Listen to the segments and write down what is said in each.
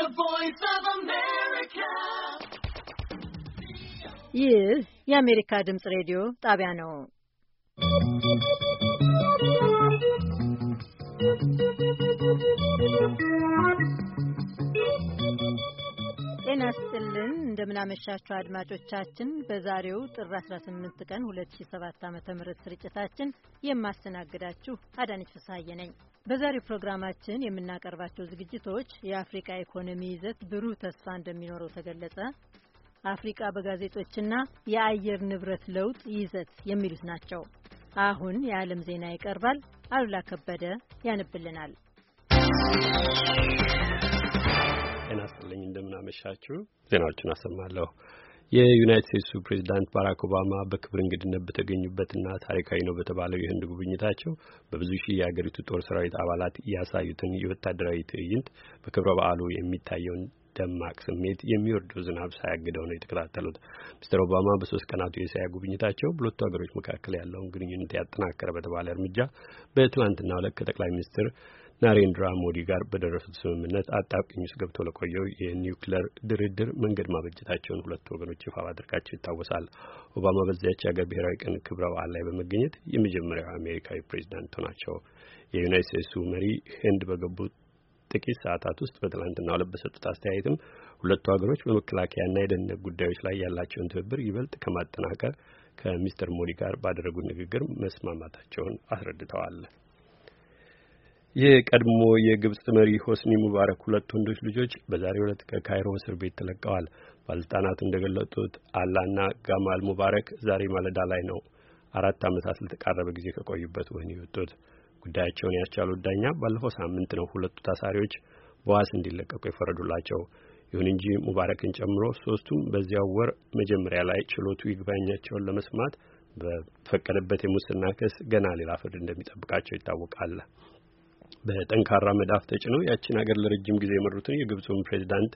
the voice of America. ይህ የአሜሪካ ድምፅ ሬዲዮ ጣቢያ ነው። Thank you. ይስጥልን እንደምናመሻችሁ አድማጮቻችን። በዛሬው ጥር 18 ቀን 2007 ዓ ም ስርጭታችን የማስተናግዳችሁ አዳነች ፍስሐዬ ነኝ። በዛሬው ፕሮግራማችን የምናቀርባቸው ዝግጅቶች የአፍሪቃ ኢኮኖሚ ይዘት ብሩህ ተስፋ እንደሚኖረው ተገለጸ፣ አፍሪቃ በጋዜጦችና የአየር ንብረት ለውጥ ይዘት የሚሉት ናቸው። አሁን የዓለም ዜና ይቀርባል። አሉላ ከበደ ያነብልናል። አለኝ። እንደምናመሻችሁ ዜናዎቹን አሰማለሁ። የዩናይት ስቴትሱ ፕሬዚዳንት ባራክ ኦባማ በክብር እንግድነት በተገኙበትና ታሪካዊ ነው በተባለው የህንድ ጉብኝታቸው በብዙ ሺህ የሀገሪቱ ጦር ሰራዊት አባላት ያሳዩትን የወታደራዊ ትዕይንት በክብረ በዓሉ የሚታየውን ደማቅ ስሜት የሚወርደው ዝናብ ሳያግደው ነው የተከታተሉት። ሚስተር ኦባማ በሶስት ቀናቱ የእስያ ጉብኝታቸው በሁለቱ ሀገሮች መካከል ያለውን ግንኙነት ያጠናከረ በተባለ እርምጃ በትናንትናው ዕለት ከጠቅላይ ሚኒስትር ናሬንድራ ሞዲ ጋር በደረሱት ስምምነት አጣብቂኝ ውስጥ ገብቶ ለቆየው የኒውክሌር ድርድር መንገድ ማበጀታቸውን ሁለቱ ወገኖች ይፋ ማድረጋቸው ይታወሳል። ኦባማ በዚያች ሀገር ብሔራዊ ቀን ክብረ በዓል ላይ በመገኘት የመጀመሪያው አሜሪካዊ ፕሬዚዳንቱ ናቸው። የዩናይት ስቴትሱ መሪ ህንድ በገቡት ጥቂት ሰዓታት ውስጥ በትላንትናው ዕለት በሰጡት አስተያየትም ሁለቱ ሀገሮች በመከላከያና የደህንነት ጉዳዮች ላይ ያላቸውን ትብብር ይበልጥ ከማጠናከር ከሚስተር ሞዲ ጋር ባደረጉት ንግግር መስማማታቸውን አስረድተዋል። የቀድሞ የግብጽ መሪ ሆስኒ ሙባረክ ሁለት ወንዶች ልጆች በዛሬው ዕለት ከካይሮ እስር ቤት ተለቀዋል። ባለስልጣናት እንደገለጡት አላና ጋማል ሙባረክ ዛሬ ማለዳ ላይ ነው አራት ዓመታት ለተቃረበ ጊዜ ከቆዩበት ወህኒ የወጡት። ጉዳያቸውን ያስቻሉት ዳኛ ባለፈው ሳምንት ነው ሁለቱ ታሳሪዎች በዋስ እንዲለቀቁ የፈረዱላቸው። ይሁን እንጂ ሙባረክን ጨምሮ ሶስቱም በዚያው ወር መጀመሪያ ላይ ችሎቱ ይግባኛቸውን ለመስማት በፈቀደበት የሙስና ክስ ገና ሌላ ፍርድ እንደሚጠብቃቸው ይታወቃል። በጠንካራ መዳፍ ተጭነው ያችን ሀገር ለረጅም ጊዜ የመሩትን የግብፁን ፕሬዚዳንት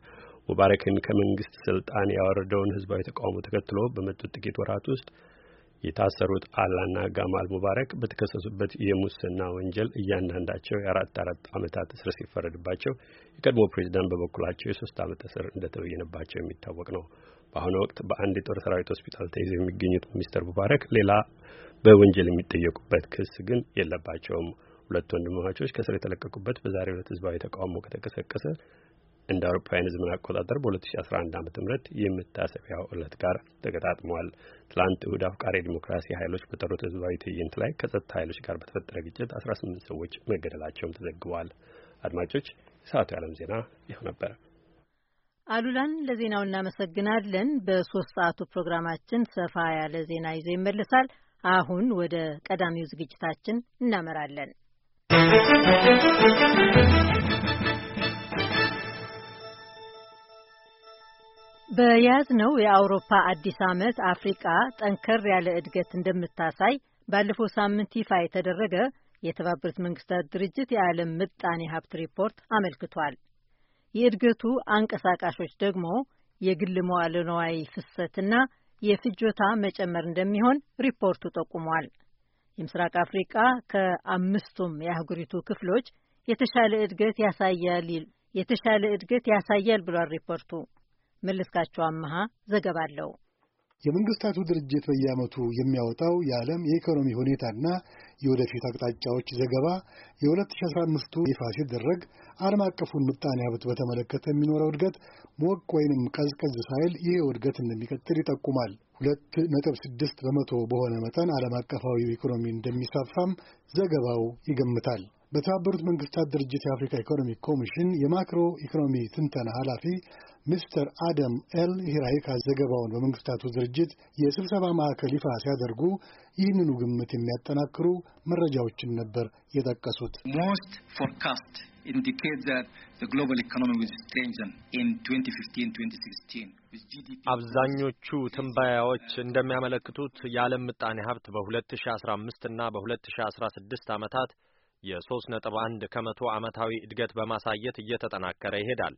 ሙባረክን ከመንግስት ስልጣን ያወረደውን ህዝባዊ ተቃውሞ ተከትሎ በመጡት ጥቂት ወራት ውስጥ የታሰሩት አላና ጋማል ሙባረክ በተከሰሱበት የሙስና ወንጀል እያንዳንዳቸው የአራት አራት ዓመታት እስር ሲፈረድባቸው የቀድሞ ፕሬዚዳንት በበኩላቸው የሶስት ዓመት እስር እንደተበየነባቸው የሚታወቅ ነው። በአሁኑ ወቅት በአንድ የጦር ሰራዊት ሆስፒታል ተይዘው የሚገኙት ሚስተር ሙባረክ ሌላ በወንጀል የሚጠየቁበት ክስ ግን የለባቸውም። ሁለት ወንድማማቾች ከእስር የተለቀቁበት በዛሬው ዕለት ህዝባዊ ተቃውሞ ከተቀሰቀሰ እንደ አውሮፓውያን ዘመን አቆጣጠር በ2011 ዓ.ም የመታሰቢያው ዕለት ጋር ተገጣጥመዋል። ትላንት እሁድ አፍቃሪ ዲሞክራሲ ኃይሎች በጠሩት ህዝባዊ ትዕይንት ላይ ከጸጥታ ኃይሎች ጋር በተፈጠረ ግጭት 18 ሰዎች መገደላቸውም ተዘግበዋል። አድማጮች፣ የሰዓቱ የዓለም ዜና ይኸው ነበር። አሉላን ለዜናው እናመሰግናለን። በሶስት ሰዓቱ ፕሮግራማችን ሰፋ ያለ ዜና ይዞ ይመልሳል። አሁን ወደ ቀዳሚው ዝግጅታችን እናመራለን። በያዝነው የአውሮፓ አዲስ ዓመት አፍሪቃ ጠንከር ያለ እድገት እንደምታሳይ ባለፈው ሳምንት ይፋ የተደረገ የተባበሩት መንግስታት ድርጅት የዓለም ምጣኔ ሀብት ሪፖርት አመልክቷል። የእድገቱ አንቀሳቃሾች ደግሞ የግል መዋለ ንዋይ ፍሰትና የፍጆታ መጨመር እንደሚሆን ሪፖርቱ ጠቁሟል። የምስራቅ አፍሪቃ ከአምስቱም የአህጉሪቱ ክፍሎች የተሻለ እድገት ያሳያል የተሻለ እድገት ያሳያል ብሏል ሪፖርቱ። መለስካቸው አመሃ ዘገባ አለው። የመንግስታቱ ድርጅት በየዓመቱ የሚያወጣው የዓለም የኢኮኖሚ ሁኔታና የወደፊት አቅጣጫዎች ዘገባ የ2015ቱ ይፋ ሲደረግ ዓለም አቀፉን ምጣኔ ሀብት በተመለከተ የሚኖረው እድገት ሞቅ ወይንም ቀዝቀዝ ሳይል ይህ እድገት እንደሚቀጥል ይጠቁማል። ሁለት ነጥብ ስድስት በመቶ በሆነ መጠን ዓለም አቀፋዊ ኢኮኖሚ እንደሚሳፋም ዘገባው ይገምታል። በተባበሩት መንግስታት ድርጅት የአፍሪካ ኢኮኖሚክ ኮሚሽን የማክሮ ኢኮኖሚ ትንተና ኃላፊ ሚስተር አደም ኤል ሂራይካ ዘገባውን በመንግስታቱ ድርጅት የስብሰባ ማዕከል ይፋ ሲያደርጉ ይህንኑ ግምት የሚያጠናክሩ መረጃዎችን ነበር የጠቀሱት። አብዛኞቹ ትንባያዎች እንደሚያመለክቱት የዓለም ምጣኔ ሀብት በ2015 እና በ2016 ዓመታት የ3.1 ከመቶ ዓመታዊ እድገት በማሳየት እየተጠናከረ ይሄዳል።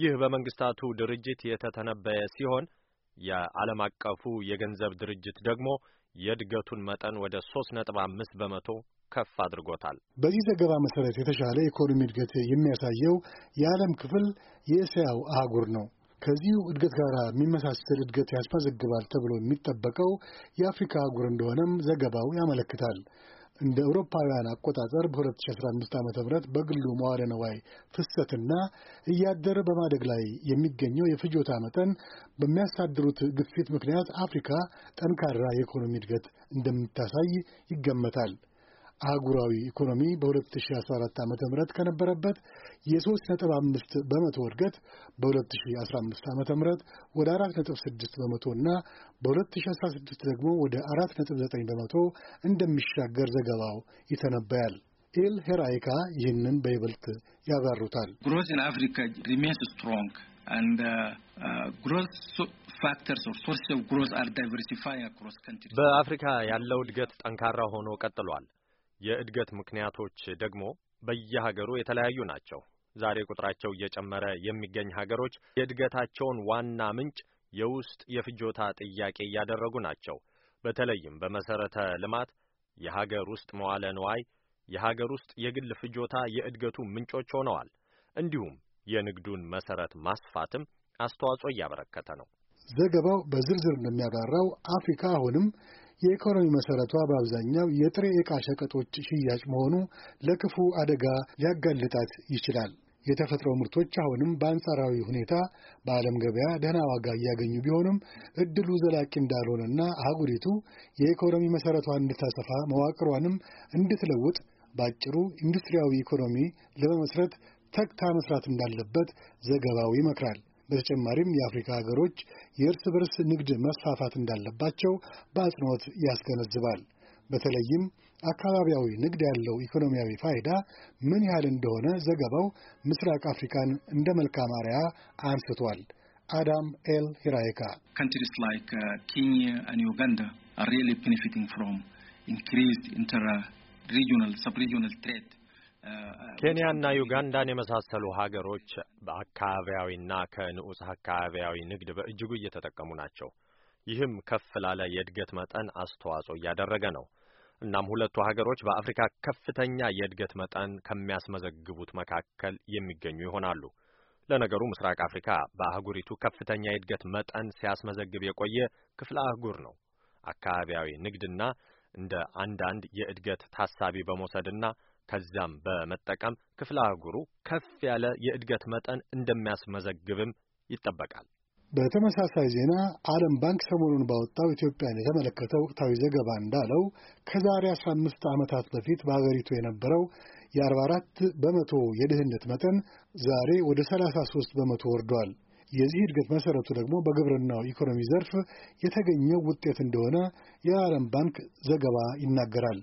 ይህ በመንግስታቱ ድርጅት የተተነበየ ሲሆን የዓለም አቀፉ የገንዘብ ድርጅት ደግሞ የእድገቱን መጠን ወደ ሶስት ነጥብ አምስት በመቶ ከፍ አድርጎታል። በዚህ ዘገባ መሰረት የተሻለ ኢኮኖሚ እድገት የሚያሳየው የዓለም ክፍል የእስያው አህጉር ነው። ከዚሁ እድገት ጋር የሚመሳሰል እድገት ያስመዘግባል ተብሎ የሚጠበቀው የአፍሪካ አህጉር እንደሆነም ዘገባው ያመለክታል። እንደ አውሮፓውያን አቆጣጠር በ2015 ዓ ም በግሉ መዋለ ነዋይ ፍሰትና እያደረ በማደግ ላይ የሚገኘው የፍጆታ መጠን በሚያሳድሩት ግፊት ምክንያት አፍሪካ ጠንካራ የኢኮኖሚ እድገት እንደምታሳይ ይገመታል። አህጉራዊ ኢኮኖሚ በ2014 ዓ ም ከነበረበት የ3.5 በመቶ እድገት በ2015 ዓ ም ወደ 4.6 በመቶ እና በ2016 ደግሞ ወደ 4.9 በመቶ እንደሚሻገር ዘገባው ይተነበያል። ኤል ሄራይካ ይህንን በይበልጥ ያብራሩታል። ግሮዝ ኢን አፍሪካ ሪሜንስ ስትሮንግ በአፍሪካ ያለው እድገት ጠንካራ ሆኖ ቀጥሏል። የእድገት ምክንያቶች ደግሞ በየሀገሩ የተለያዩ ናቸው። ዛሬ ቁጥራቸው እየጨመረ የሚገኝ ሀገሮች የእድገታቸውን ዋና ምንጭ የውስጥ የፍጆታ ጥያቄ እያደረጉ ናቸው። በተለይም በመሰረተ ልማት፣ የሀገር ውስጥ መዋለ ንዋይ፣ የሀገር ውስጥ የግል ፍጆታ የእድገቱ ምንጮች ሆነዋል። እንዲሁም የንግዱን መሰረት ማስፋትም አስተዋጽኦ እያበረከተ ነው። ዘገባው በዝርዝር እንደሚያብራራው አፍሪካ አሁንም የኢኮኖሚ መሠረቷ በአብዛኛው የጥሬ ዕቃ ሸቀጦች ሽያጭ መሆኑ ለክፉ አደጋ ሊያጋልጣት ይችላል። የተፈጥሮ ምርቶች አሁንም በአንጻራዊ ሁኔታ በዓለም ገበያ ደህና ዋጋ እያገኙ ቢሆንም እድሉ ዘላቂ እንዳልሆነና አህጉሪቱ የኢኮኖሚ መሠረቷን እንድታሰፋ መዋቅሯንም እንድትለውጥ ባጭሩ ኢንዱስትሪያዊ ኢኮኖሚ ለመመስረት ተግታ መስራት እንዳለበት ዘገባው ይመክራል። በተጨማሪም የአፍሪካ ሀገሮች የእርስ በርስ ንግድ መስፋፋት እንዳለባቸው በአጽንኦት ያስገነዝባል። በተለይም አካባቢያዊ ንግድ ያለው ኢኮኖሚያዊ ፋይዳ ምን ያህል እንደሆነ ዘገባው ምስራቅ አፍሪካን እንደ መልካም አርያ አንስቷል። አዳም ኤል ሂራይካ ካንትሪስ ላይክ ኬንያ አንድ ዩጋንዳ አር ሪሊ ቤኔፊቲንግ ፍሮም ኢንክሪዝድ ኢንተር ሪጂናል ሰብ ሪጂናል ትሬድ ኬንያና ዩጋንዳን የመሳሰሉ ሀገሮች በአካባቢያዊና ከንዑስ አካባቢያዊ ንግድ በእጅጉ እየተጠቀሙ ናቸው። ይህም ከፍ ላለ የእድገት መጠን አስተዋጽኦ እያደረገ ነው። እናም ሁለቱ ሀገሮች በአፍሪካ ከፍተኛ የእድገት መጠን ከሚያስመዘግቡት መካከል የሚገኙ ይሆናሉ። ለነገሩ ምስራቅ አፍሪካ በአህጉሪቱ ከፍተኛ የእድገት መጠን ሲያስመዘግብ የቆየ ክፍለ አህጉር ነው። አካባቢያዊ ንግድና እንደ አንዳንድ የእድገት ታሳቢ በመውሰድና ከዚያም በመጠቀም ክፍለ አህጉሩ ከፍ ያለ የእድገት መጠን እንደሚያስመዘግብም ይጠበቃል። በተመሳሳይ ዜና ዓለም ባንክ ሰሞኑን ባወጣው ኢትዮጵያን የተመለከተ ወቅታዊ ዘገባ እንዳለው ከዛሬ 15 ዓመታት በፊት በአገሪቱ የነበረው የ44 በመቶ የድህነት መጠን ዛሬ ወደ 33 በመቶ ወርዷል። የዚህ እድገት መሰረቱ ደግሞ በግብርናው ኢኮኖሚ ዘርፍ የተገኘው ውጤት እንደሆነ የዓለም ባንክ ዘገባ ይናገራል።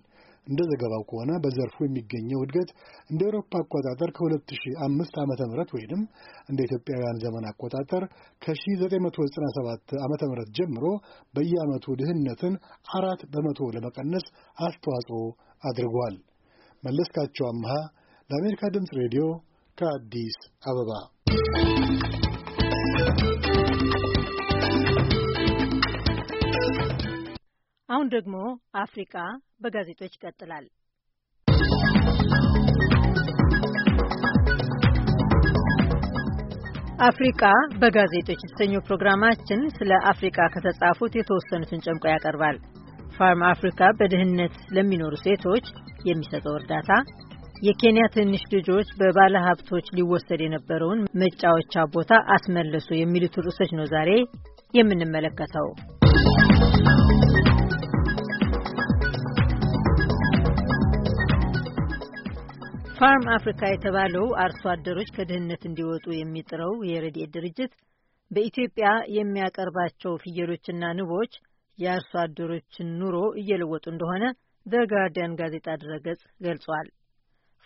እንደ ዘገባው ከሆነ በዘርፉ የሚገኘው እድገት እንደ ኤሮፓ አቆጣጠር ከ2005 ዓ ም ወይም እንደ ኢትዮጵያውያን ዘመን አቆጣጠር ከ1997 ዓ ም ጀምሮ በየዓመቱ ድህነትን አራት በመቶ ለመቀነስ አስተዋጽኦ አድርጓል። መለስካቸው አምሃ ለአሜሪካ ድምፅ ሬዲዮ ከአዲስ አበባ አሁን ደግሞ አፍሪካ በጋዜጦች ይቀጥላል። አፍሪቃ በጋዜጦች የተሰኘው ፕሮግራማችን ስለ አፍሪቃ ከተጻፉት የተወሰኑትን ጨምቆ ያቀርባል። ፋርም አፍሪካ በድህነት ለሚኖሩ ሴቶች የሚሰጠው እርዳታ፣ የኬንያ ትንሽ ልጆች በባለ ሀብቶች ሊወሰድ የነበረውን መጫወቻ ቦታ አስመለሱ የሚሉት ርዕሶች ነው ዛሬ የምንመለከተው። ፋርም አፍሪካ የተባለው አርሶ አደሮች ከድህነት እንዲወጡ የሚጥረው የረድኤት ድርጅት በኢትዮጵያ የሚያቀርባቸው ፍየሎችና ንቦች የአርሶ አደሮችን ኑሮ እየለወጡ እንደሆነ ዘ ጋርዲያን ጋዜጣ ድረገጽ ገልጿል።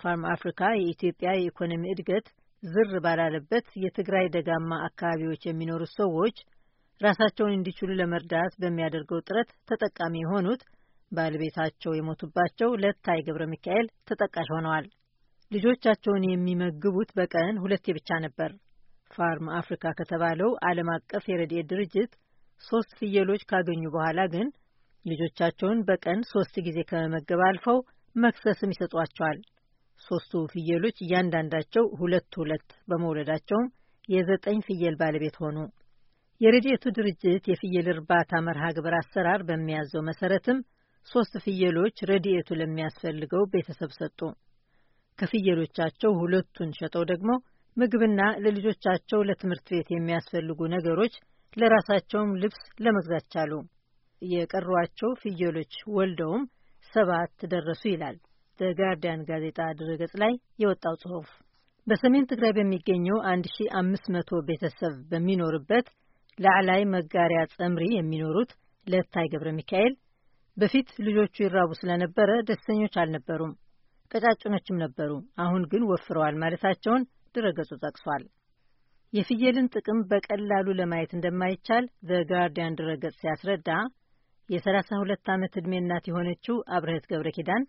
ፋርም አፍሪካ የኢትዮጵያ የኢኮኖሚ እድገት ዝር ባላለበት የትግራይ ደጋማ አካባቢዎች የሚኖሩ ሰዎች ራሳቸውን እንዲችሉ ለመርዳት በሚያደርገው ጥረት ተጠቃሚ የሆኑት ባለቤታቸው የሞቱባቸው ለታይ ገብረ ሚካኤል ተጠቃሽ ሆነዋል። ልጆቻቸውን የሚመግቡት በቀን ሁለቴ ብቻ ነበር። ፋርም አፍሪካ ከተባለው ዓለም አቀፍ የረድኤት ድርጅት ሶስት ፍየሎች ካገኙ በኋላ ግን ልጆቻቸውን በቀን ሶስት ጊዜ ከመመገብ አልፈው መክሰስም ይሰጧቸዋል። ሶስቱ ፍየሎች እያንዳንዳቸው ሁለት ሁለት በመውለዳቸውም የዘጠኝ ፍየል ባለቤት ሆኑ። የረድኤቱ ድርጅት የፍየል እርባታ መርሃ ግብር አሰራር በሚያዘው መሰረትም ሶስት ፍየሎች ረድኤቱ ለሚያስፈልገው ቤተሰብ ሰጡ። ከፍየሎቻቸው ሁለቱን ሸጠው ደግሞ ምግብና ለልጆቻቸው ለትምህርት ቤት የሚያስፈልጉ ነገሮች ለራሳቸውም ልብስ ለመግዛት ቻሉ። የቀሯቸው ፍየሎች ወልደውም ሰባት ደረሱ ይላል በጋርዲያን ጋዜጣ ድረገጽ ላይ የወጣው ጽሑፍ። በሰሜን ትግራይ በሚገኘው መቶ ቤተሰብ በሚኖርበት ላዕላይ መጋሪያ ጸምሪ የሚኖሩት ለታይ ገብረ ሚካኤል በፊት ልጆቹ ይራቡ ስለነበረ ደስተኞች አልነበሩም። ቀጫጭኖችም ነበሩ፣ አሁን ግን ወፍረዋል ማለታቸውን ድረገጹ ጠቅሷል። የፍየልን ጥቅም በቀላሉ ለማየት እንደማይቻል ዘ ጋርዲያን ድረገጽ ሲያስረዳ የ32 ዓመት ዕድሜ እናት የሆነችው አብረህት ገብረ ኪዳን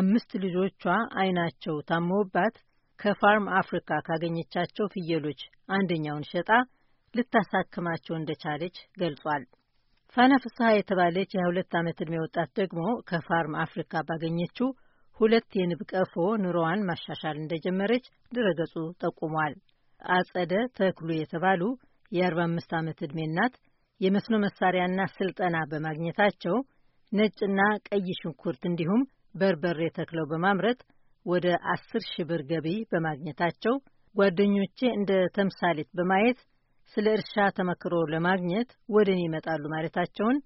አምስት ልጆቿ አይናቸው ታመውባት ከፋርም አፍሪካ ካገኘቻቸው ፍየሎች አንደኛውን ሸጣ ልታሳክማቸው እንደቻለች ገልጿል። ፋና ፍስሐ የተባለች የ22 ዓመት ዕድሜ ወጣት ደግሞ ከፋርም አፍሪካ ባገኘችው ሁለት የንብ ቀፎ ኑሮዋን ማሻሻል እንደጀመረች ድረገጹ ጠቁሟል። አጸደ ተክሉ የተባሉ የ45 ዓመት ዕድሜ እናት የመስኖ መሳሪያና ስልጠና በማግኘታቸው ነጭና ቀይ ሽንኩርት እንዲሁም በርበሬ ተክለው በማምረት ወደ አስር ሺህ ብር ገቢ በማግኘታቸው ጓደኞቼ እንደ ተምሳሌት በማየት ስለ እርሻ ተመክሮ ለማግኘት ወደ እኔ ይመጣሉ ማለታቸውን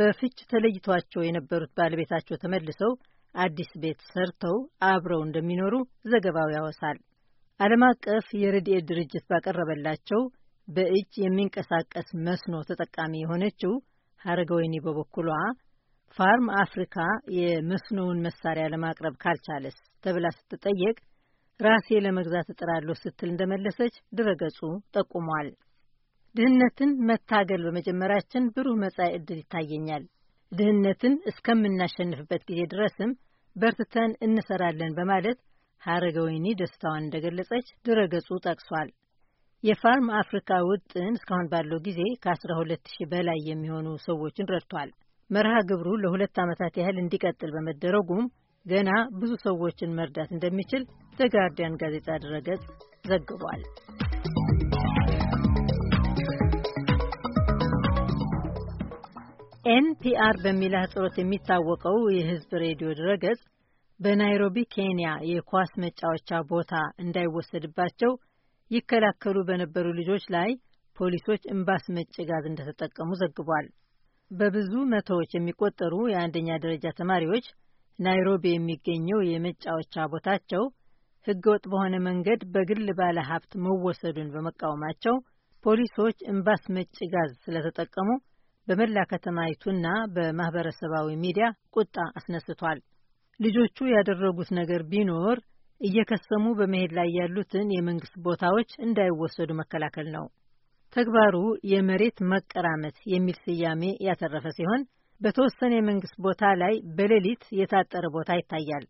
በፍች ተለይቷቸው የነበሩት ባለቤታቸው ተመልሰው አዲስ ቤት ሰርተው አብረው እንደሚኖሩ ዘገባው ያወሳል። ዓለም አቀፍ የረድኤት ድርጅት ባቀረበላቸው በእጅ የሚንቀሳቀስ መስኖ ተጠቃሚ የሆነችው ሀረገወይኒ በበኩሏ ፋርም አፍሪካ የመስኖውን መሳሪያ ለማቅረብ ካልቻለስ ተብላ ስትጠየቅ ራሴ ለመግዛት እጥራለሁ ስትል እንደመለሰች ድረገጹ ጠቁሟል። ድህነትን መታገል በመጀመራችን ብሩህ መጻኢ ዕድል ይታየኛል። ድህነትን እስከምናሸንፍበት ጊዜ ድረስም በርትተን እንሰራለን በማለት ሀረገ ወይኒ ደስታዋን እንደገለጸች ድረገጹ ጠቅሷል። የፋርም አፍሪካ ውጥን እስካሁን ባለው ጊዜ ከ12 ሺህ በላይ የሚሆኑ ሰዎችን ረድቷል። መርሃ ግብሩ ለሁለት ዓመታት ያህል እንዲቀጥል በመደረጉም ገና ብዙ ሰዎችን መርዳት እንደሚችል ዘጋርዲያን ጋዜጣ ድረገጽ ዘግቧል። ኤንፒአር በሚል አህጽሮት የሚታወቀው የህዝብ ሬዲዮ ድረገጽ በናይሮቢ ኬንያ የኳስ መጫወቻ ቦታ እንዳይወሰድባቸው ይከላከሉ በነበሩ ልጆች ላይ ፖሊሶች እምባስ አስመጪ ጋዝ እንደተጠቀሙ ዘግቧል። በብዙ መቶዎች የሚቆጠሩ የአንደኛ ደረጃ ተማሪዎች ናይሮቢ የሚገኘው የመጫወቻ ቦታቸው ህገወጥ በሆነ መንገድ በግል ባለ ሀብት መወሰዱን በመቃወማቸው ፖሊሶች እምባስ አስመጪ ጋዝ ስለተጠቀሙ በመላ ከተማይቱና በማህበረሰባዊ ሚዲያ ቁጣ አስነስቷል። ልጆቹ ያደረጉት ነገር ቢኖር እየከሰሙ በመሄድ ላይ ያሉትን የመንግስት ቦታዎች እንዳይወሰዱ መከላከል ነው። ተግባሩ የመሬት መቀራመት የሚል ስያሜ ያተረፈ ሲሆን በተወሰነ የመንግስት ቦታ ላይ በሌሊት የታጠረ ቦታ ይታያል።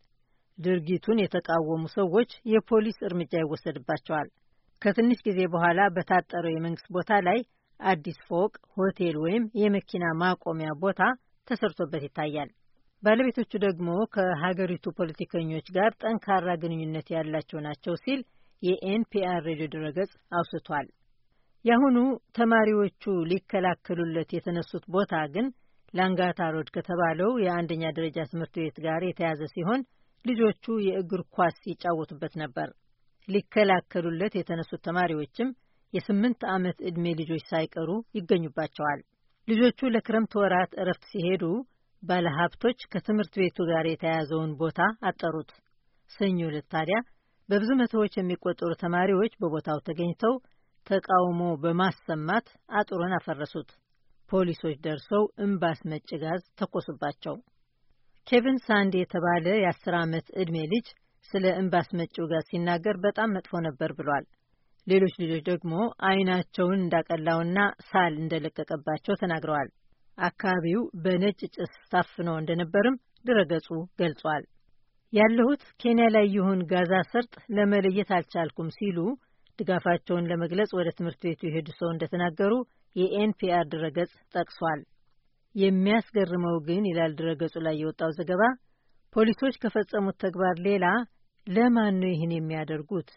ድርጊቱን የተቃወሙ ሰዎች የፖሊስ እርምጃ ይወሰድባቸዋል። ከትንሽ ጊዜ በኋላ በታጠረው የመንግስት ቦታ ላይ አዲስ ፎቅ፣ ሆቴል ወይም የመኪና ማቆሚያ ቦታ ተሰርቶበት ይታያል። ባለቤቶቹ ደግሞ ከሀገሪቱ ፖለቲከኞች ጋር ጠንካራ ግንኙነት ያላቸው ናቸው ሲል የኤንፒአር ሬዲዮ ድረገጽ አውስቷል። የአሁኑ ተማሪዎቹ ሊከላከሉለት የተነሱት ቦታ ግን ላንጋታ ሮድ ከተባለው የአንደኛ ደረጃ ትምህርት ቤት ጋር የተያዘ ሲሆን ልጆቹ የእግር ኳስ ይጫወቱበት ነበር። ሊከላከሉለት የተነሱት ተማሪዎችም የስምንት ዓመት ዕድሜ ልጆች ሳይቀሩ ይገኙባቸዋል። ልጆቹ ለክረምት ወራት እረፍት ሲሄዱ ባለሀብቶች ከትምህርት ቤቱ ጋር የተያያዘውን ቦታ አጠሩት። ሰኞ ዕለት ታዲያ በብዙ መቶዎች የሚቆጠሩ ተማሪዎች በቦታው ተገኝተው ተቃውሞ በማሰማት አጥሩን አፈረሱት። ፖሊሶች ደርሰው እምባስ መጭ ጋዝ ተኮሱባቸው። ኬቪን ሳንድ የተባለ የአስር ዓመት ዕድሜ ልጅ ስለ እምባስ አስመጪው ጋዝ ሲናገር በጣም መጥፎ ነበር ብሏል። ሌሎች ልጆች ደግሞ አይናቸውን እንዳቀላውና ሳል እንደለቀቀባቸው ተናግረዋል። አካባቢው በነጭ ጭስ ታፍኖ እንደነበርም ድረገጹ ገልጿል። ያለሁት ኬንያ ላይ ይሁን ጋዛ ሰርጥ ለመለየት አልቻልኩም ሲሉ ድጋፋቸውን ለመግለጽ ወደ ትምህርት ቤቱ የሄዱ ሰው እንደተናገሩ የኤንፒአር ድረገጽ ጠቅሷል። የሚያስገርመው ግን ይላል ድረገጹ ላይ የወጣው ዘገባ ፖሊሶች ከፈጸሙት ተግባር ሌላ ለማን ነው ይህን የሚያደርጉት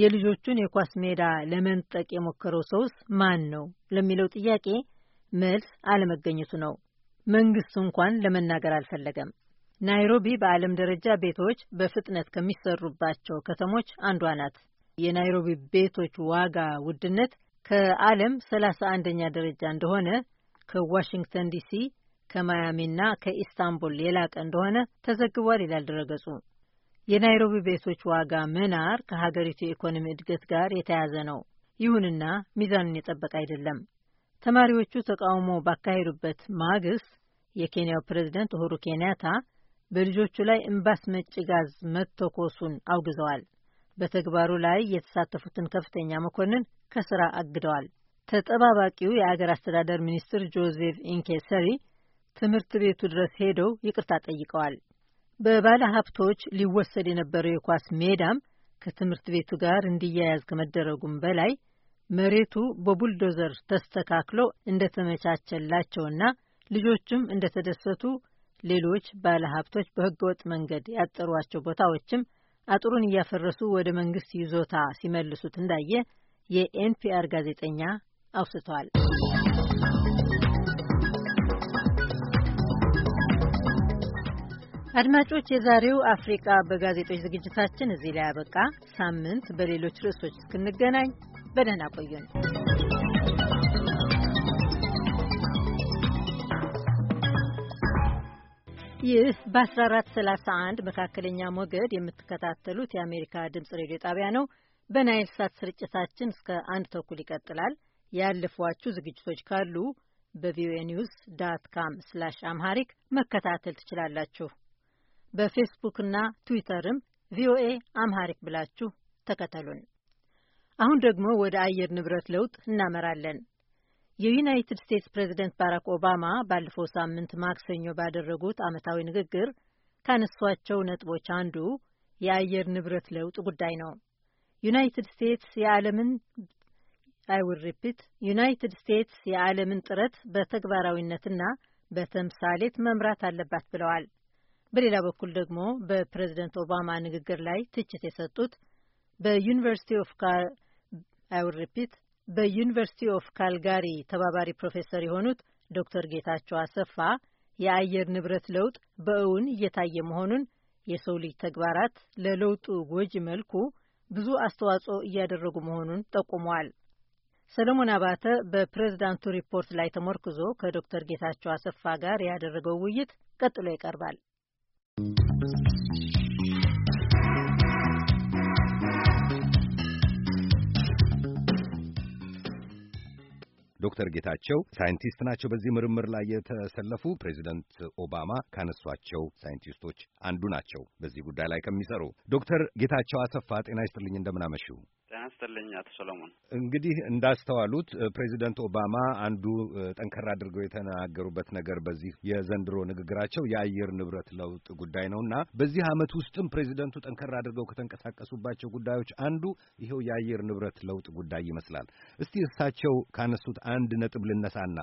የልጆቹን የኳስ ሜዳ ለመንጠቅ የሞከረው ሰውስ ማን ነው ለሚለው ጥያቄ መልስ አለመገኘቱ ነው። መንግስቱ እንኳን ለመናገር አልፈለገም። ናይሮቢ በዓለም ደረጃ ቤቶች በፍጥነት ከሚሰሩባቸው ከተሞች አንዷ ናት። የናይሮቢ ቤቶች ዋጋ ውድነት ከዓለም ሰላሳ አንደኛ ደረጃ እንደሆነ ከዋሽንግተን ዲሲ ከማያሚና ከኢስታንቡል የላቀ እንደሆነ ተዘግቧል ይላል ድረገጹ። የናይሮቢ ቤቶች ዋጋ መናር ከሀገሪቱ የኢኮኖሚ እድገት ጋር የተያያዘ ነው። ይሁንና ሚዛኑን የጠበቀ አይደለም። ተማሪዎቹ ተቃውሞ ባካሄዱበት ማግስት የኬንያው ፕሬዝደንት ኡሁሩ ኬንያታ በልጆቹ ላይ እምባስ መጭ ጋዝ መተኮሱን አውግዘዋል። በተግባሩ ላይ የተሳተፉትን ከፍተኛ መኮንን ከስራ አግደዋል። ተጠባባቂው የአገር አስተዳደር ሚኒስትር ጆዜፍ ኢንኬሰሪ ትምህርት ቤቱ ድረስ ሄደው ይቅርታ ጠይቀዋል። በባለ ሀብቶች ሊወሰድ የነበረው የኳስ ሜዳም ከትምህርት ቤቱ ጋር እንዲያያዝ ከመደረጉም በላይ መሬቱ በቡልዶዘር ተስተካክሎ እንደተመቻቸላቸውና ልጆቹም እንደተደሰቱ ሌሎች ባለ ሀብቶች በህገወጥ መንገድ ያጠሯቸው ቦታዎችም አጥሩን እያፈረሱ ወደ መንግስት ይዞታ ሲመልሱት እንዳየ የኤንፒአር ጋዜጠኛ አውስተዋል። አድማጮች፣ የዛሬው አፍሪቃ በጋዜጦች ዝግጅታችን እዚህ ላይ ያበቃ። ሳምንት በሌሎች ርዕሶች እስክንገናኝ በደህና ቆዩን። ይህ በ1431 መካከለኛ ሞገድ የምትከታተሉት የአሜሪካ ድምፅ ሬዲዮ ጣቢያ ነው። በናይል ሳት ስርጭታችን እስከ አንድ ተኩል ይቀጥላል። ያለፏችሁ ዝግጅቶች ካሉ በቪኦኤ ኒውስ ዳት ካም ስላሽ አምሃሪክ መከታተል ትችላላችሁ። በፌስቡክና ትዊተርም ቪኦኤ አምሃሪክ ብላችሁ ተከተሉን። አሁን ደግሞ ወደ አየር ንብረት ለውጥ እናመራለን። የዩናይትድ ስቴትስ ፕሬዚደንት ባራክ ኦባማ ባለፈው ሳምንት ማክሰኞ ባደረጉት ዓመታዊ ንግግር ካነሷቸው ነጥቦች አንዱ የአየር ንብረት ለውጥ ጉዳይ ነው። ዩናይትድ ስቴትስ የዓለምን አይውል ሪፒት ዩናይትድ ስቴትስ የዓለምን ጥረት በተግባራዊነትና በተምሳሌት መምራት አለባት ብለዋል። በሌላ በኩል ደግሞ በፕሬዝደንት ኦባማ ንግግር ላይ ትችት የሰጡት በዩኒቨርሲቲ ኦፍ ሪፒት በዩኒቨርሲቲ ኦፍ ካልጋሪ ተባባሪ ፕሮፌሰር የሆኑት ዶክተር ጌታቸው አሰፋ የአየር ንብረት ለውጥ በእውን እየታየ መሆኑን የሰው ልጅ ተግባራት ለለውጡ ጎጂ መልኩ ብዙ አስተዋጽኦ እያደረጉ መሆኑን ጠቁመዋል። ሰለሞን አባተ በፕሬዝዳንቱ ሪፖርት ላይ ተሞርክዞ ከዶክተር ጌታቸው አሰፋ ጋር ያደረገው ውይይት ቀጥሎ ይቀርባል። Thank you. ዶክተር ጌታቸው ሳይንቲስት ናቸው። በዚህ ምርምር ላይ የተሰለፉ ፕሬዚደንት ኦባማ ካነሷቸው ሳይንቲስቶች አንዱ ናቸው። በዚህ ጉዳይ ላይ ከሚሰሩ ዶክተር ጌታቸው አሰፋ ጤና ይስጥልኝ፣ እንደምናመሽው ጤና ይስጥልኝ አቶ ሰሎሞን። እንግዲህ እንዳስተዋሉት ፕሬዚደንት ኦባማ አንዱ ጠንከራ አድርገው የተናገሩበት ነገር በዚህ የዘንድሮ ንግግራቸው የአየር ንብረት ለውጥ ጉዳይ ነውና በዚህ ዓመት ውስጥም ፕሬዚደንቱ ጠንከራ አድርገው ከተንቀሳቀሱባቸው ጉዳዮች አንዱ ይኸው የአየር ንብረት ለውጥ ጉዳይ ይመስላል። እስቲ እሳቸው ካነሱት አንድ ነጥብ ልነሳና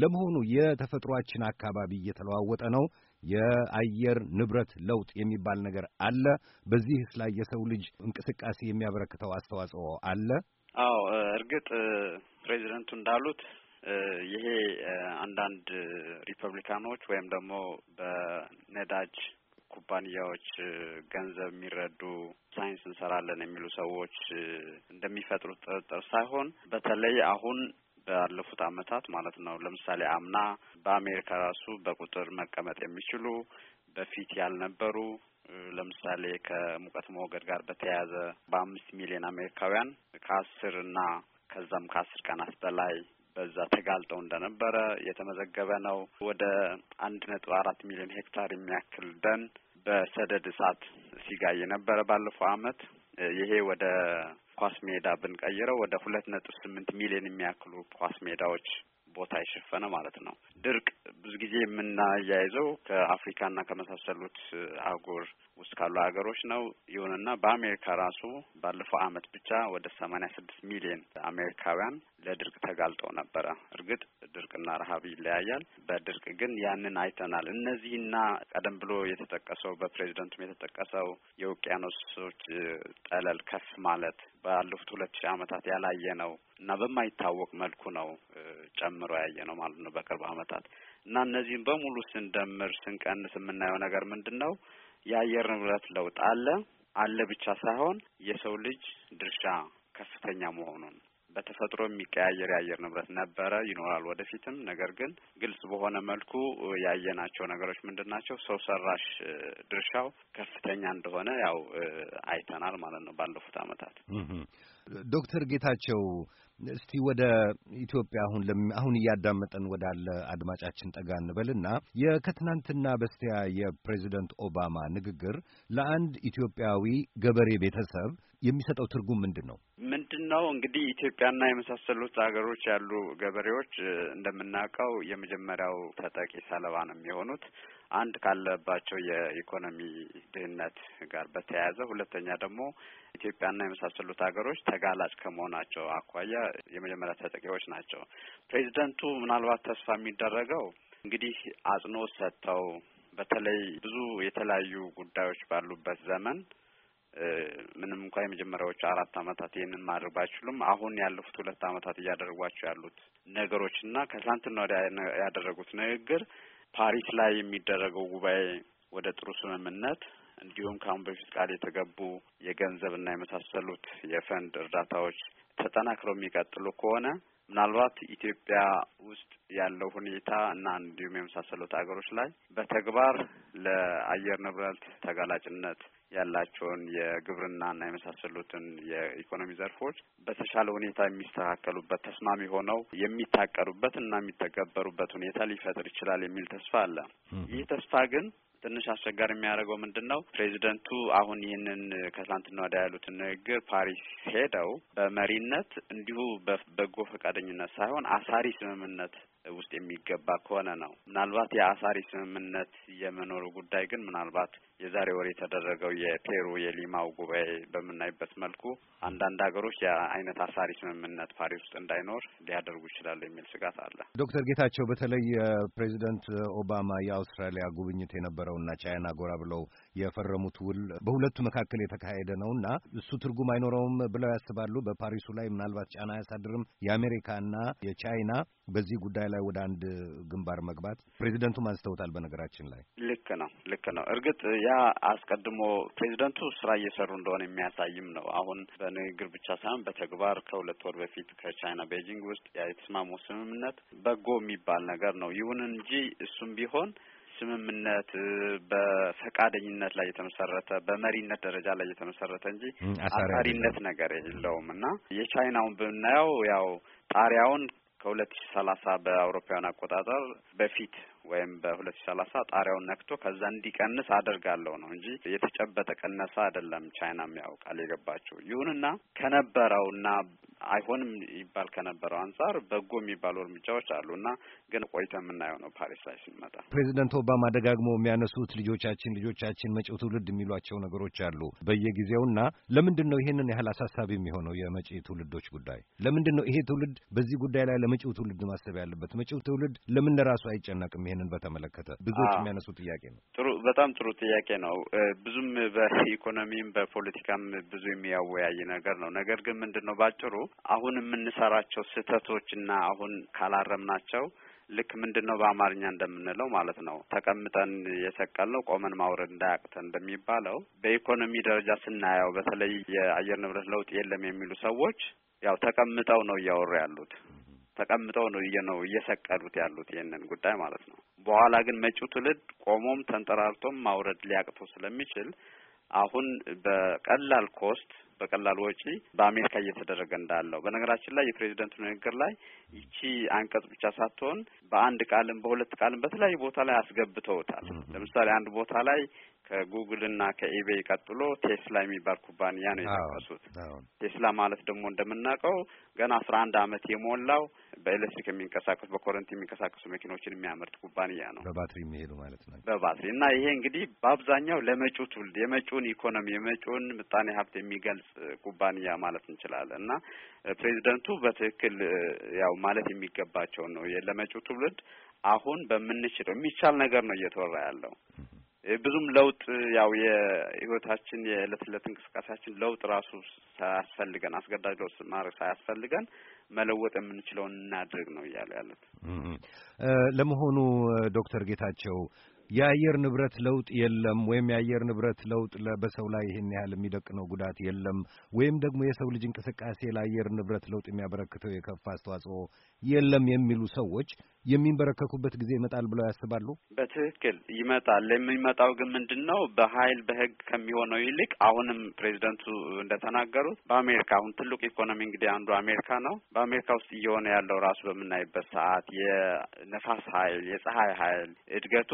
ለመሆኑ የተፈጥሯችን አካባቢ እየተለዋወጠ ነው። የአየር ንብረት ለውጥ የሚባል ነገር አለ። በዚህስ ላይ የሰው ልጅ እንቅስቃሴ የሚያበረክተው አስተዋጽኦ አለ? አዎ፣ እርግጥ ፕሬዚደንቱ እንዳሉት ይሄ አንዳንድ ሪፐብሊካኖች ወይም ደግሞ በነዳጅ ኩባንያዎች ገንዘብ የሚረዱ ሳይንስ እንሰራለን የሚሉ ሰዎች እንደሚፈጥሩት ጥርጥር ሳይሆን በተለይ አሁን ባለፉት አመታት ማለት ነው። ለምሳሌ አምና በአሜሪካ ራሱ በቁጥር መቀመጥ የሚችሉ በፊት ያልነበሩ ለምሳሌ ከሙቀት መወገድ ጋር በተያያዘ በአምስት ሚሊዮን አሜሪካውያን ከአስር እና ከዛም ከአስር ቀናት በላይ በዛ ተጋልጠው እንደነበረ የተመዘገበ ነው። ወደ አንድ ነጥብ አራት ሚሊዮን ሄክታር የሚያክል ደን በሰደድ እሳት ሲጋይ ነበረ ባለፈው አመት ይሄ ወደ ኳስ ሜዳ ብንቀይረው ወደ ሁለት ነጥብ ስምንት ሚሊዮን የሚያክሉ ኳስ ሜዳዎች ቦታ የሸፈነ ማለት ነው። ድርቅ ብዙ ጊዜ የምናያይዘው ከአፍሪካና ከመሳሰሉት አህጉር ውስጥ ካሉ ሀገሮች ነው። ይሁንና በአሜሪካ ራሱ ባለፈው አመት ብቻ ወደ ሰማኒያ ስድስት ሚሊዮን አሜሪካውያን ለድርቅ ተጋልጠው ነበረ። እርግጥ ድርቅና ረሀብ ይለያያል። በድርቅ ግን ያንን አይተናል። እነዚህና ቀደም ብሎ የተጠቀሰው በፕሬዚደንቱም የተጠቀሰው የውቅያኖሶች ጠለል ከፍ ማለት ባለፉት ሁለት ሺህ ዓመታት ያላየ ነው እና በማይታወቅ መልኩ ነው ጨምሮ ያየ ነው ማለት ነው በቅርብ ዓመታት እና እነዚህም በሙሉ ስንደምር ስንቀንስ የምናየው ነገር ምንድን ነው? የአየር ንብረት ለውጥ አለ አለ ብቻ ሳይሆን የሰው ልጅ ድርሻ ከፍተኛ መሆኑን በተፈጥሮ የሚቀያየር የአየር ንብረት ነበረ፣ ይኖራል ወደፊትም። ነገር ግን ግልጽ በሆነ መልኩ ያየናቸው ነገሮች ምንድን ናቸው? ሰው ሰራሽ ድርሻው ከፍተኛ እንደሆነ ያው አይተናል ማለት ነው ባለፉት ዓመታት። ዶክተር ጌታቸው እስቲ ወደ ኢትዮጵያ አሁን አሁን እያዳመጠን ወዳለ አድማጫችን ጠጋ እንበልና የከትናንትና በስቲያ የፕሬዚደንት ኦባማ ንግግር ለአንድ ኢትዮጵያዊ ገበሬ ቤተሰብ የሚሰጠው ትርጉም ምንድን ነው? ምንድን ነው እንግዲህ ኢትዮጵያና የመሳሰሉት ሀገሮች ያሉ ገበሬዎች እንደምናውቀው የመጀመሪያው ተጠቂ ሰለባ ነው የሚሆኑት። አንድ ካለባቸው የኢኮኖሚ ድህነት ጋር በተያያዘ ሁለተኛ ደግሞ ኢትዮጵያና የመሳሰሉት ሀገሮች ተጋላጭ ከመሆናቸው አኳያ የመጀመሪያ ተጠቂዎች ናቸው። ፕሬዚደንቱ ምናልባት ተስፋ የሚደረገው እንግዲህ አጽንኦት ሰጥተው በተለይ ብዙ የተለያዩ ጉዳዮች ባሉበት ዘመን ምንም እንኳ የመጀመሪያዎቹ አራት አመታት ይህንን ማድረግ ባይችሉም አሁን ያለፉት ሁለት አመታት እያደረጓቸው ያሉት ነገሮችና ከትላንትና ወዲያ ያደረጉት ንግግር ፓሪስ ላይ የሚደረገው ጉባኤ ወደ ጥሩ ስምምነት እንዲሁም ከአሁን በፊት ቃል የተገቡ የገንዘብና የመሳሰሉት የፈንድ እርዳታዎች ተጠናክረው የሚቀጥሉ ከሆነ ምናልባት ኢትዮጵያ ውስጥ ያለው ሁኔታ እና እንዲሁም የመሳሰሉት ሀገሮች ላይ በተግባር ለአየር ንብረት ተጋላጭነት ያላቸውን የግብርናና የመሳሰሉትን የኢኮኖሚ ዘርፎች በተሻለ ሁኔታ የሚስተካከሉበት ተስማሚ ሆነው የሚታቀዱበት እና የሚተገበሩበት ሁኔታ ሊፈጥር ይችላል የሚል ተስፋ አለ። ይህ ተስፋ ግን ትንሽ አስቸጋሪ የሚያደርገው ምንድን ነው? ፕሬዚደንቱ አሁን ይህንን ከትላንትና ወዲያ ያሉትን ንግግር ፓሪስ ሄደው በመሪነት እንዲሁ በበጎ ፈቃደኝነት ሳይሆን አሳሪ ስምምነት ውስጥ የሚገባ ከሆነ ነው። ምናልባት የአሳሪ ስምምነት የመኖሩ ጉዳይ ግን ምናልባት የዛሬ ወር የተደረገው የፔሩ የሊማው ጉባኤ በምናይበት መልኩ አንዳንድ ሀገሮች የአይነት አሳሪ ስምምነት ፓሪስ ውስጥ እንዳይኖር ሊያደርጉ ይችላሉ የሚል ስጋት አለ። ዶክተር ጌታቸው በተለይ የፕሬዚደንት ኦባማ የአውስትራሊያ ጉብኝት የነበረውና ቻይና ጎራ ብለው የፈረሙት ውል በሁለቱ መካከል የተካሄደ ነው እና እሱ ትርጉም አይኖረውም ብለው ያስባሉ? በፓሪሱ ላይ ምናልባት ጫና አያሳድርም? የአሜሪካና የቻይና በዚህ ጉዳይ ላይ ወደ አንድ ግንባር መግባት ፕሬዚደንቱም አንስተውታል። በነገራችን ላይ ልክ ነው፣ ልክ ነው። እርግጥ ያ አስቀድሞ ፕሬዚደንቱ ስራ እየሰሩ እንደሆነ የሚያሳይም ነው። አሁን በንግግር ብቻ ሳይሆን በተግባር ከሁለት ወር በፊት ከቻይና ቤጂንግ ውስጥ የተስማሙ ስምምነት በጎ የሚባል ነገር ነው። ይሁን እንጂ እሱም ቢሆን ስምምነት በፈቃደኝነት ላይ የተመሰረተ በመሪነት ደረጃ ላይ የተመሰረተ እንጂ አሳሪነት ነገር የለውም እና የቻይናውን ብናየው ያው ጣሪያውን ከሁለት ሺ ሰላሳ በአውሮፓውያን አቆጣጠር በፊት ወይም በሁለት ሺ ሰላሳ ጣሪያውን ነክቶ ከዛ እንዲቀንስ አደርጋለሁ ነው እንጂ የተጨበጠ ቅነሳ አይደለም። ቻይናም ያውቃል የገባቸው። ይሁንና ከነበረውና አይሆንም ይባል ከነበረው አንጻር በጎ የሚባሉ እርምጃዎች እና ግን ቆይተ የምናየው ነው። ፓሪስ ላይ ስንመጣ ፕሬዚደንት ኦባማ ደጋግሞ የሚያነሱት ልጆቻችን ልጆቻችን መጪው ትውልድ የሚሏቸው ነገሮች አሉ በየጊዜውና ለምንድን ነው ይሄንን ያህል አሳሳቢ የሚሆነው የመጪ ትውልዶች ጉዳይ? ለምንድን ነው ይሄ ትውልድ በዚህ ጉዳይ ላይ ለመጪው ትውልድ ማሰብ ያለበት? መጪው ትውልድ ለምን ራሱ አይጨነቅም? ይህንን በተመለከተ ብዙዎች የሚያነሱ ጥያቄ ነው። ጥሩ በጣም ጥሩ ጥያቄ ነው። ብዙም በኢኮኖሚም በፖለቲካም ብዙ የሚያወያይ ነገር ነው። ነገር ግን ምንድን ነው ባጭሩ አሁን የምንሰራቸው ስህተቶች እና አሁን ካላረምናቸው ልክ ምንድን ነው በአማርኛ እንደምንለው ማለት ነው ተቀምጠን የሰቀልነው ቆመን ማውረድ እንዳያቅተን እንደሚባለው በኢኮኖሚ ደረጃ ስናየው በተለይ የአየር ንብረት ለውጥ የለም የሚሉ ሰዎች ያው ተቀምጠው ነው እያወሩ ያሉት ተቀምጠው ነው ነው እየሰቀሉት ያሉት ይህንን ጉዳይ ማለት ነው። በኋላ ግን መጪው ትውልድ ቆሞም ተንጠራርቶም ማውረድ ሊያቅተው ስለሚችል አሁን በቀላል ኮስት በቀላል ወጪ በአሜሪካ እየተደረገ እንዳለው በነገራችን ላይ የፕሬዚደንቱ ንግግር ላይ ይቺ አንቀጽ ብቻ ሳትሆን በአንድ ቃልም በሁለት ቃልም በተለያዩ ቦታ ላይ አስገብተውታል። ለምሳሌ አንድ ቦታ ላይ ከጉግል እና ከኢቤይ ቀጥሎ ቴስላ የሚባል ኩባንያ ነው የጠቀሱት። ቴስላ ማለት ደግሞ እንደምናውቀው ገና አስራ አንድ አመት የሞላው በኤሌክትሪክ የሚንቀሳቀሱ በኮረንት የሚንቀሳቀሱ መኪኖችን የሚያመርት ኩባንያ ነው። በባትሪ የሚሄዱ ማለት ነው። በባትሪ እና ይሄ እንግዲህ በአብዛኛው ለመጪው ትውልድ የመጪውን ኢኮኖሚ የመጪውን ምጣኔ ሀብት የሚገልጽ ኩባንያ ማለት እንችላለን እና ፕሬዚደንቱ በትክክል ያው ማለት የሚገባቸውን ነው ለመጪው ትውልድ አሁን በምንችለው የሚቻል ነገር ነው እየተወራ ያለው ብዙም ለውጥ ያው የህይወታችን የዕለት ዕለት እንቅስቃሴያችን ለውጥ ራሱ ሳያስፈልገን አስገዳጅ ለውጥ ማድረግ ሳያስፈልገን መለወጥ የምንችለውን እናድርግ ነው እያሉ ያሉት። ለመሆኑ ዶክተር ጌታቸው የአየር ንብረት ለውጥ የለም ወይም የአየር ንብረት ለውጥ በሰው ላይ ይህን ያህል የሚደቅነው ጉዳት የለም ወይም ደግሞ የሰው ልጅ እንቅስቃሴ ለአየር ንብረት ለውጥ የሚያበረክተው የከፋ አስተዋጽኦ የለም የሚሉ ሰዎች የሚንበረከኩበት ጊዜ ይመጣል ብለው ያስባሉ? በትክክል ይመጣል። የሚመጣው ግን ምንድን ነው? በኃይል በህግ ከሚሆነው ይልቅ አሁንም ፕሬዚደንቱ እንደተናገሩት በአሜሪካ አሁን ትልቁ ኢኮኖሚ እንግዲህ አንዱ አሜሪካ ነው። በአሜሪካ ውስጥ እየሆነ ያለው ራሱ በምናይበት ሰዓት የነፋስ ኃይል የፀሐይ ኃይል እድገቱ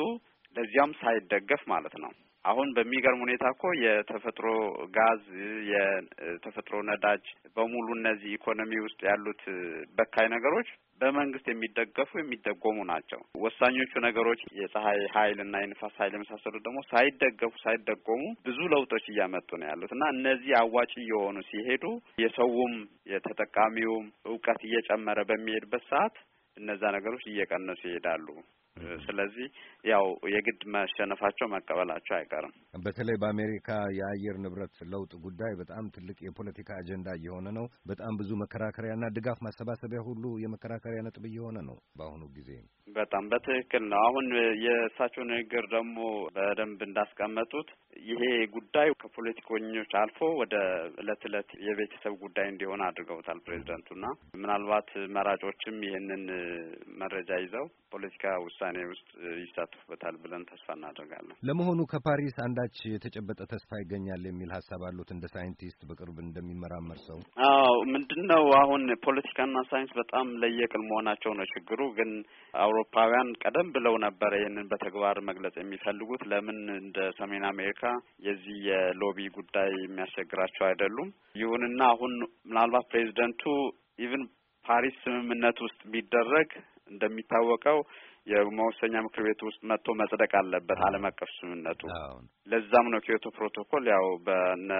ለዚያም ሳይደገፍ ማለት ነው አሁን በሚገርም ሁኔታ እኮ የተፈጥሮ ጋዝ፣ የተፈጥሮ ነዳጅ በሙሉ እነዚህ ኢኮኖሚ ውስጥ ያሉት በካይ ነገሮች በመንግስት የሚደገፉ የሚደጎሙ ናቸው። ወሳኞቹ ነገሮች የፀሐይ ኃይል እና የንፋስ ኃይል የመሳሰሉት ደግሞ ሳይደገፉ ሳይደጎሙ ብዙ ለውጦች እያመጡ ነው ያሉት እና እነዚህ አዋጭ እየሆኑ ሲሄዱ የሰውም የተጠቃሚውም እውቀት እየጨመረ በሚሄድበት ሰዓት እነዛ ነገሮች እየቀነሱ ይሄዳሉ። ስለዚህ ያው የግድ መሸነፋቸው መቀበላቸው አይቀርም። በተለይ በአሜሪካ የአየር ንብረት ለውጥ ጉዳይ በጣም ትልቅ የፖለቲካ አጀንዳ እየሆነ ነው። በጣም ብዙ መከራከሪያና ድጋፍ ማሰባሰቢያ ሁሉ የመከራከሪያ ነጥብ እየሆነ ነው በአሁኑ ጊዜ። በጣም በትክክል ነው። አሁን የእሳቸው ንግግር ደግሞ በደንብ እንዳስቀመጡት ይሄ ጉዳይ ከፖለቲከኞች አልፎ ወደ እለት እለት የቤተሰብ ጉዳይ እንዲሆን አድርገውታል ፕሬዚደንቱና ምናልባት መራጮችም ይህንን መረጃ ይዘው ፖለቲካ ውሳ ውሳኔ ውስጥ ይሳተፉበታል ብለን ተስፋ እናደርጋለን። ለመሆኑ ከፓሪስ አንዳች የተጨበጠ ተስፋ ይገኛል የሚል ሀሳብ አሉት? እንደ ሳይንቲስት በቅርብ እንደሚመራመር ሰው። አዎ ምንድን ነው አሁን ፖለቲካና ሳይንስ በጣም ለየቅል መሆናቸው ነው ችግሩ። ግን አውሮፓውያን ቀደም ብለው ነበረ ይህንን በተግባር መግለጽ የሚፈልጉት። ለምን እንደ ሰሜን አሜሪካ የዚህ የሎቢ ጉዳይ የሚያስቸግራቸው አይደሉም። ይሁንና አሁን ምናልባት ፕሬዚደንቱ ኢቭን ፓሪስ ስምምነት ውስጥ ቢደረግ እንደሚታወቀው የመወሰኛ ምክር ቤት ውስጥ መጥቶ መጽደቅ አለበት ዓለም አቀፍ ስምምነቱ። ለዛም ነው ኪዮቶ ፕሮቶኮል ያው በነ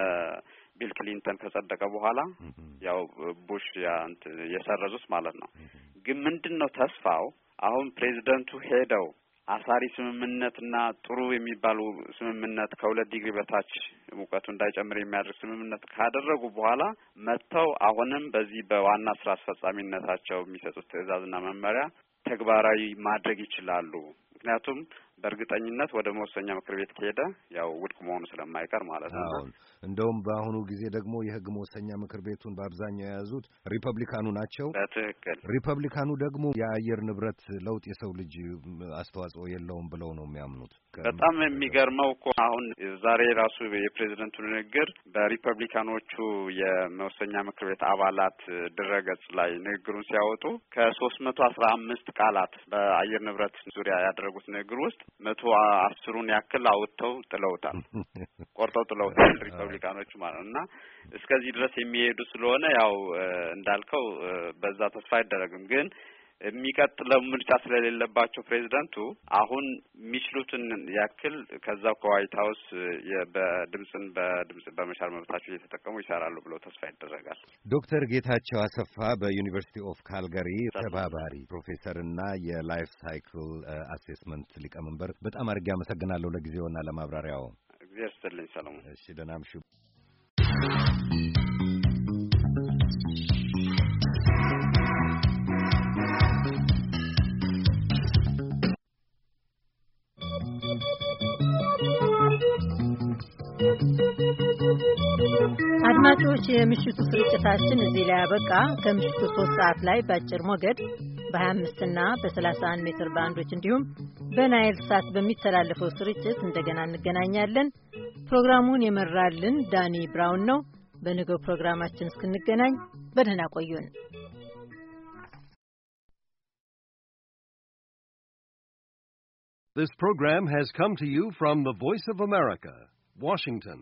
ቢል ክሊንተን ከጸደቀ በኋላ ያው ቡሽ የሰረዙት ማለት ነው። ግን ምንድን ነው ተስፋው? አሁን ፕሬዚደንቱ ሄደው አሳሪ ስምምነትና ጥሩ የሚባሉ ስምምነት ከሁለት ዲግሪ በታች ሙቀቱ እንዳይጨምር የሚያደርግ ስምምነት ካደረጉ በኋላ መጥተው አሁንም በዚህ በዋና ስራ አስፈጻሚነታቸው የሚሰጡት ትዕዛዝና መመሪያ ተግባራዊ ማድረግ ይችላሉ። ምክንያቱም በእርግጠኝነት ወደ መወሰኛ ምክር ቤት ከሄደ ያው ውድቅ መሆኑ ስለማይቀር ማለት ነው። እንደውም በአሁኑ ጊዜ ደግሞ የህግ መወሰኛ ምክር ቤቱን በአብዛኛው የያዙት ሪፐብሊካኑ ናቸው። በትክክል ሪፐብሊካኑ ደግሞ የአየር ንብረት ለውጥ የሰው ልጅ አስተዋጽኦ የለውም ብለው ነው የሚያምኑት። በጣም የሚገርመው እኮ አሁን ዛሬ ራሱ የፕሬዚደንቱ ንግግር በሪፐብሊካኖቹ የመወሰኛ ምክር ቤት አባላት ድረገጽ ላይ ንግግሩን ሲያወጡ ከሶስት መቶ አስራ አምስት ቃላት በአየር ንብረት ዙሪያ ያደረጉት ንግግር ውስጥ መቶ አስሩን ያክል አውጥተው ጥለውታል፣ ቆርጠው ጥለውታል ሪፐብሊካኖቹ ማለት ነው። እና እስከዚህ ድረስ የሚሄዱ ስለሆነ ያው እንዳልከው በዛ ተስፋ አይደረግም። ግን የሚቀጥለው ምርጫ ስለሌለባቸው ፕሬዚደንቱ አሁን የሚችሉትን ያክል ከዛው ከዋይት ሀውስ በድምፅን በድምፅ በመሻር መብታቸው እየተጠቀሙ ይሰራሉ ብሎ ተስፋ ይደረጋል። ዶክተር ጌታቸው አሰፋ በዩኒቨርሲቲ ኦፍ ካልጋሪ ተባባሪ ፕሮፌሰር እና የላይፍ ሳይክል አሴስመንት ሊቀመንበር በጣም አድርጌ አመሰግናለሁ ለጊዜውና ለማብራሪያው። እግዚአብሔር ይስጥልኝ ሰለሞን። እሺ ደህና አድማጮች የምሽቱ ስርጭታችን እዚህ ላይ አበቃ። ከምሽቱ ሶስት ሰዓት ላይ በአጭር ሞገድ በ25 እና በ31 ሜትር ባንዶች እንዲሁም በናይል ሳት በሚተላለፈው ስርጭት እንደገና እንገናኛለን። ፕሮግራሙን የመራልን ዳኒ ብራውን ነው። በንገው ፕሮግራማችን እስክንገናኝ በደህና ቆዩን። This program has come to you from the Voice of America, Washington.